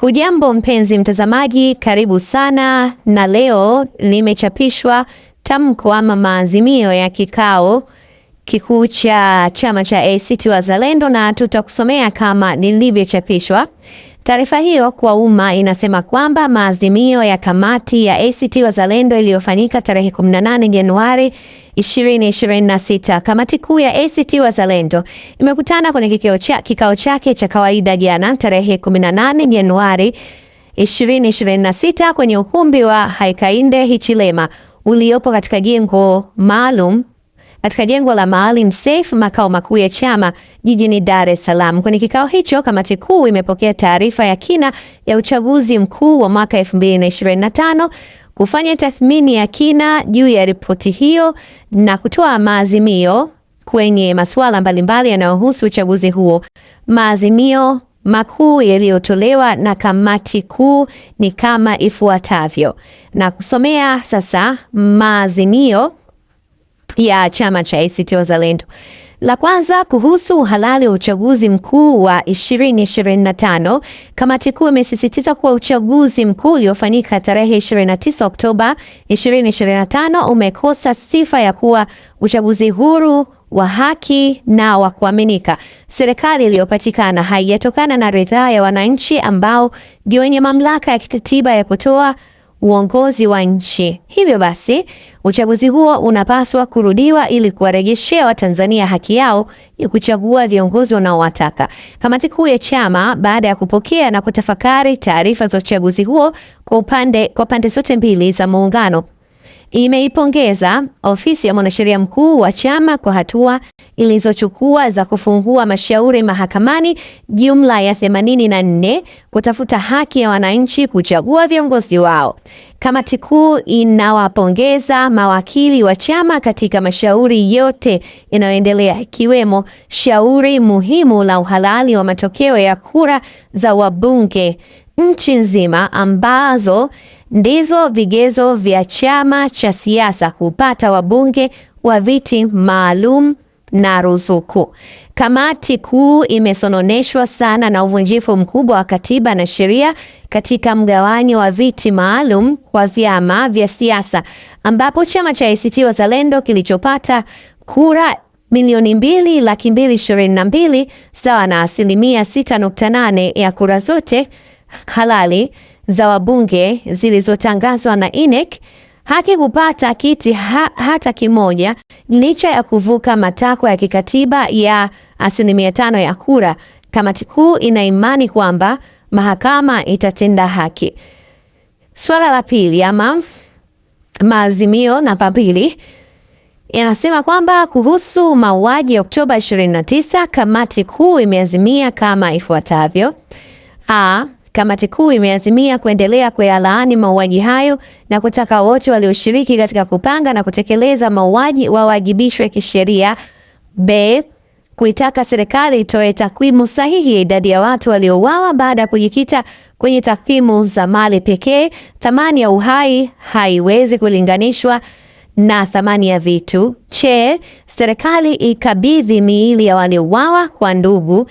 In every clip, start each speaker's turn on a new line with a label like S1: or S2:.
S1: Hujambo mpenzi mtazamaji, karibu sana na leo limechapishwa tamko ama maazimio ya kikao kikuu cha chama cha ACT Wazalendo na tutakusomea kama lilivyochapishwa. Taarifa hiyo kwa umma inasema kwamba maazimio ya kamati ya ACT Wazalendo iliyofanyika tarehe 18 Januari 2026. Kamati kuu ya ACT Wazalendo imekutana kwenye kikao chake cha kawaida jana tarehe 18 Januari 2026 kwenye ukumbi wa Haikainde Hichilema uliopo katika jengo maalum katika jengo la Maalim Seif, makao makuu ya chama jijini Dar es Salaam. Kwenye kikao hicho, kamati kuu imepokea taarifa ya kina ya uchaguzi mkuu wa mwaka 2025 kufanya tathmini ya kina juu ya ripoti hiyo na kutoa maazimio kwenye masuala mbalimbali yanayohusu uchaguzi huo. Maazimio makuu yaliyotolewa na kamati kuu ni kama ifuatavyo, na kusomea sasa maazimio ya chama cha ACT Wazalendo. La kwanza kuhusu uhalali wa uchaguzi mkuu wa 2025, kamati kuu imesisitiza kuwa uchaguzi mkuu uliofanyika tarehe 29 Oktoba 2025 umekosa sifa ya kuwa uchaguzi huru wa haki na wa kuaminika. Serikali iliyopatikana haijatokana na ridhaa ya wananchi ambao ndio wenye mamlaka ya kikatiba ya kutoa uongozi wa nchi. Hivyo basi, uchaguzi huo unapaswa kurudiwa ili kuwarejeshea Watanzania haki yao ya kuchagua viongozi wanaowataka. Kamati kuu ya chama, baada ya kupokea na kutafakari taarifa za uchaguzi huo kwa upande kwa pande zote mbili za muungano imeipongeza ofisi ya mwanasheria mkuu wa chama kwa hatua ilizochukua za kufungua mashauri mahakamani jumla ya 84 kutafuta haki ya wananchi kuchagua viongozi wao. Kamati kuu inawapongeza mawakili wa chama katika mashauri yote yanayoendelea, ikiwemo shauri muhimu la uhalali wa matokeo ya kura za wabunge nchi nzima ambazo ndizo vigezo vya chama cha siasa kupata wabunge wa viti maalum na ruzuku. Kamati kuu imesononeshwa sana na uvunjifu mkubwa wa katiba na sheria katika mgawanyo wa viti maalum kwa vyama vya siasa, ambapo chama cha ACT Wazalendo kilichopata kura milioni mbili laki mbili ishirini na mbili sawa na asilimia 6.8 ya kura zote halali za wabunge zilizotangazwa na INEC haki kupata kiti ha, hata kimoja licha ya kuvuka matakwa ya kikatiba ya asilimia tano ya kura. Kamati kuu ina imani kwamba mahakama itatenda haki. Swala la pili ama maazimio namba mbili inasema kwamba kuhusu mauaji ya Oktoba 29 kamati kuu imeazimia kama ifuatavyo: A, Kamati kuu imeazimia kuendelea kuyalaani mauaji hayo na kutaka wote walioshiriki katika kupanga na kutekeleza mauaji wawajibishwe kisheria. B, kuitaka serikali itoe takwimu sahihi ya idadi ya watu waliouawa baada ya kujikita kwenye takwimu za mali pekee. Thamani ya uhai haiwezi kulinganishwa na thamani ya vitu. Che, serikali ikabidhi miili ya waliouawa kwa ndugu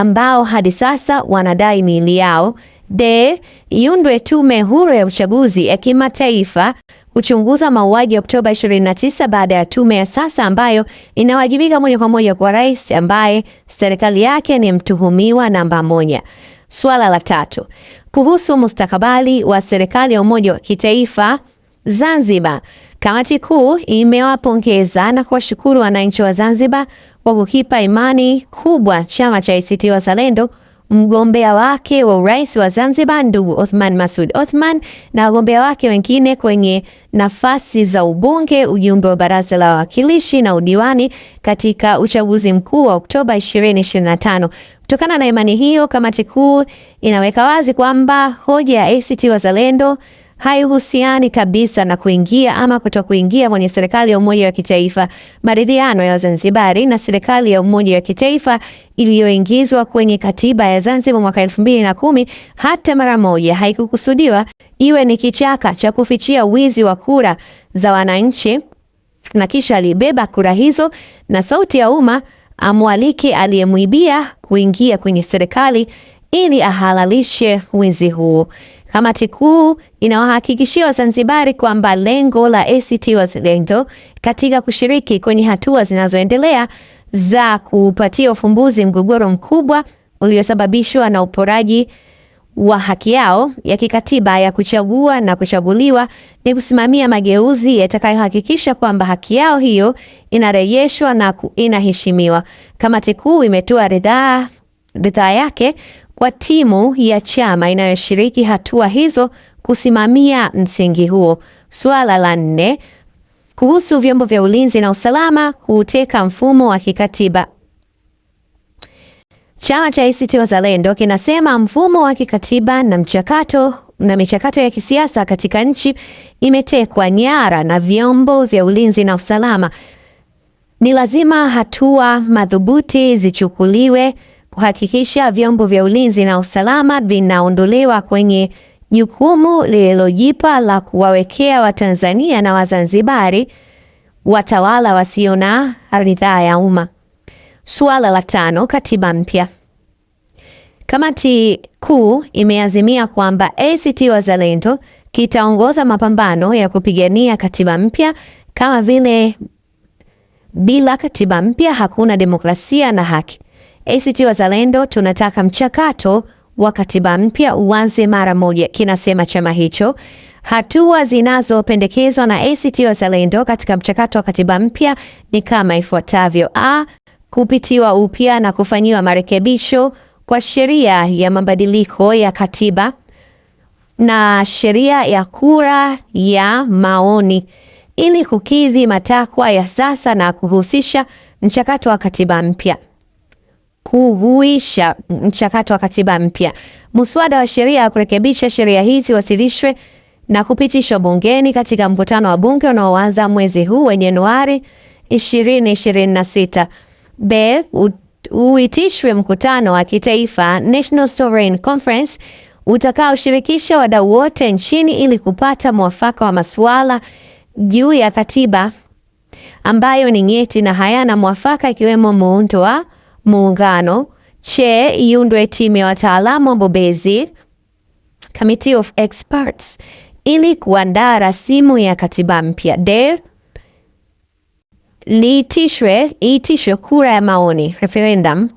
S1: ambao hadi sasa wanadai miili yao. De, iundwe tume huru ya uchaguzi ya kimataifa kuchunguza mauaji ya Oktoba 29 baada ya tume ya sasa ambayo inawajibika moja kwa moja kwa rais ambaye serikali yake ni mtuhumiwa namba moja. Swala la tatu kuhusu mustakabali wa serikali ya umoja wa kitaifa Zanzibar, kamati kuu imewapongeza na kuwashukuru wananchi wa Zanzibar kwa kukipa imani kubwa chama cha ACT Wazalendo mgombea wake wa urais wa Zanzibar ndugu Othman Masud Othman na wagombea wake wengine kwenye nafasi za ubunge, ujumbe wa baraza la wawakilishi na udiwani katika uchaguzi mkuu wa Oktoba 2025. Kutokana na imani hiyo, kamati kuu inaweka wazi kwamba hoja ya ACT Wazalendo haihusiani kabisa na kuingia ama kuto kuingia kwenye serikali ya umoja wa kitaifa. Maridhiano ya Zanzibari na serikali ya umoja wa kitaifa iliyoingizwa kwenye katiba ya Zanzibar mwaka elfu mbili na kumi hata mara moja haikukusudiwa iwe ni kichaka cha kufichia wizi wa kura za wananchi, na kisha alibeba kura hizo na sauti ya umma amwalike aliyemwibia kuingia kwenye serikali ili ahalalishe wizi huo. Kamati kuu inawahakikishia Wazanzibari kwamba lengo la ACT Wazalendo katika kushiriki kwenye hatua zinazoendelea za kupatia ufumbuzi mgogoro mkubwa uliosababishwa na uporaji wa haki yao ya kikatiba ya kuchagua na kuchaguliwa ni kusimamia mageuzi yatakayohakikisha kwamba haki yao hiyo inarejeshwa na inaheshimiwa. Kamati kuu imetoa ridhaa ridhaa yake kwa timu ya chama inayoshiriki hatua hizo kusimamia msingi huo. Suala la nne, kuhusu vyombo vya ulinzi na usalama kuuteka mfumo wa kikatiba. Chama cha ACT Wazalendo kinasema mfumo wa kikatiba na mchakato na michakato ya kisiasa katika nchi imetekwa nyara na vyombo vya ulinzi na usalama. Ni lazima hatua madhubuti zichukuliwe kuhakikisha vyombo vya ulinzi na usalama vinaondolewa kwenye jukumu lililojipa la kuwawekea Watanzania na Wazanzibari watawala wasio na ridhaa ya umma. Suala la tano, katiba mpya. Kamati kuu imeazimia kwamba ACT Wazalendo kitaongoza mapambano ya kupigania katiba mpya kama vile bila katiba mpya hakuna demokrasia na haki. ACT Wazalendo tunataka mchakato wa katiba mpya uanze mara moja, kinasema chama hicho. Hatua zinazopendekezwa na ACT Wazalendo katika mchakato wa katiba mpya ni kama ifuatavyo: a, kupitiwa upya na kufanyiwa marekebisho kwa sheria ya mabadiliko ya katiba na sheria ya kura ya maoni ili kukidhi matakwa ya sasa na kuhusisha mchakato wa katiba mpya kuhuisha mchakato wa katiba mpya. Muswada wa sheria ya kurekebisha sheria hizi wasilishwe na kupitishwa bungeni katika mkutano wa bunge unaoanza mwezi huu wa Januari 2026. B uitishwe mkutano wa kitaifa National Sovereign Conference utakaoshirikisha wadau wote nchini ili kupata mwafaka wa masuala juu ya katiba ambayo ni nyeti na hayana mwafaka, ikiwemo muundo wa muungano, che iundwe timu ya wataalamu wabobezi, committee of experts, ili kuandaa rasimu ya katiba mpya. De liitishwe iitishwe kura ya maoni referendum,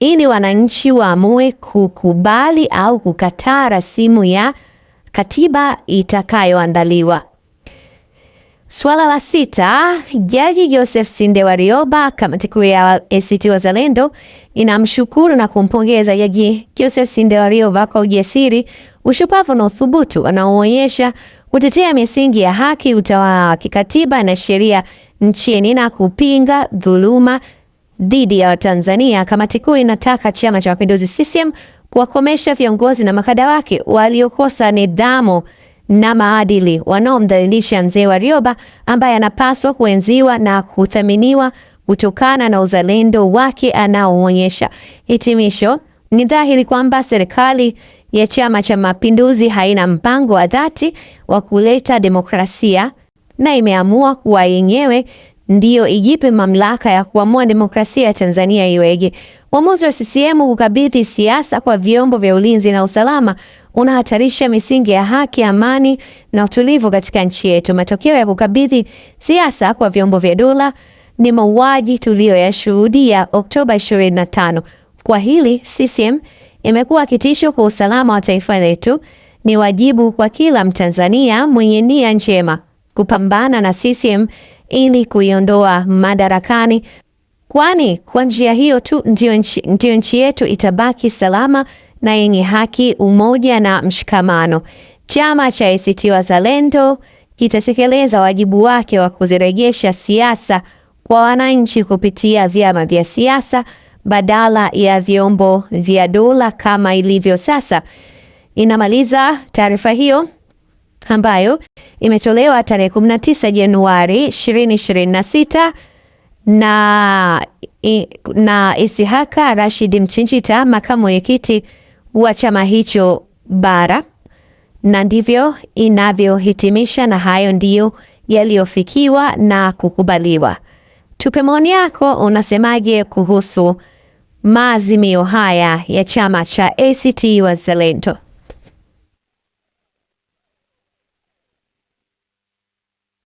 S1: ili wananchi waamue kukubali au kukataa rasimu ya katiba itakayoandaliwa. Swala la sita, Jaji Joseph Sinde Warioba, kamati kuu ya ACT Wazalendo inamshukuru na kumpongeza Jaji Joseph Sinde Warioba kwa ujasiri, ushupavu na uthubutu anaoonyesha kutetea misingi ya haki, utawala wa kikatiba na sheria nchini na kupinga dhuluma dhidi ya Watanzania. Kamati kuu inataka Chama cha Mapinduzi CCM kuwakomesha viongozi na makada wake waliokosa nidhamu na maadili wanaomdhalilisha mzee Warioba ambaye anapaswa kuenziwa na kuthaminiwa kutokana na uzalendo wake anaoonyesha. Hitimisho, ni dhahiri kwamba serikali ya Chama cha Mapinduzi haina mpango wa dhati wa kuleta demokrasia na imeamua kuwa yenyewe ndiyo ijipe mamlaka ya kuamua demokrasia ya Tanzania iweje. Uamuzi wa CCM kukabidhi siasa kwa vyombo vya ulinzi na usalama unahatarisha misingi ya haki, amani na utulivu katika nchi yetu. Matokeo ya kukabidhi siasa kwa vyombo vya dola ni mauaji tuliyoyashuhudia Oktoba 25. Kwa hili CCM imekuwa kitisho kwa usalama wa taifa letu. Ni wajibu kwa kila Mtanzania mwenye nia njema kupambana na CCM ili kuiondoa madarakani, kwani kwa njia hiyo tu ndiyo nchi, nchi yetu itabaki salama na yenye haki, umoja na mshikamano. Chama cha ACT Wazalendo kitatekeleza wajibu wake wa kuzirejesha siasa kwa wananchi kupitia vyama vya siasa badala ya vyombo vya dola kama ilivyo sasa. Inamaliza taarifa hiyo ambayo imetolewa tarehe 19 Januari 2026 na, na Isihaka Rashid Mchinjita, makamu mwenyekiti wa chama hicho bara, na ndivyo inavyohitimisha, na hayo ndiyo yaliyofikiwa na kukubaliwa. Tupe maoni yako, unasemaje kuhusu maazimio haya ya chama cha ACT Wazalendo?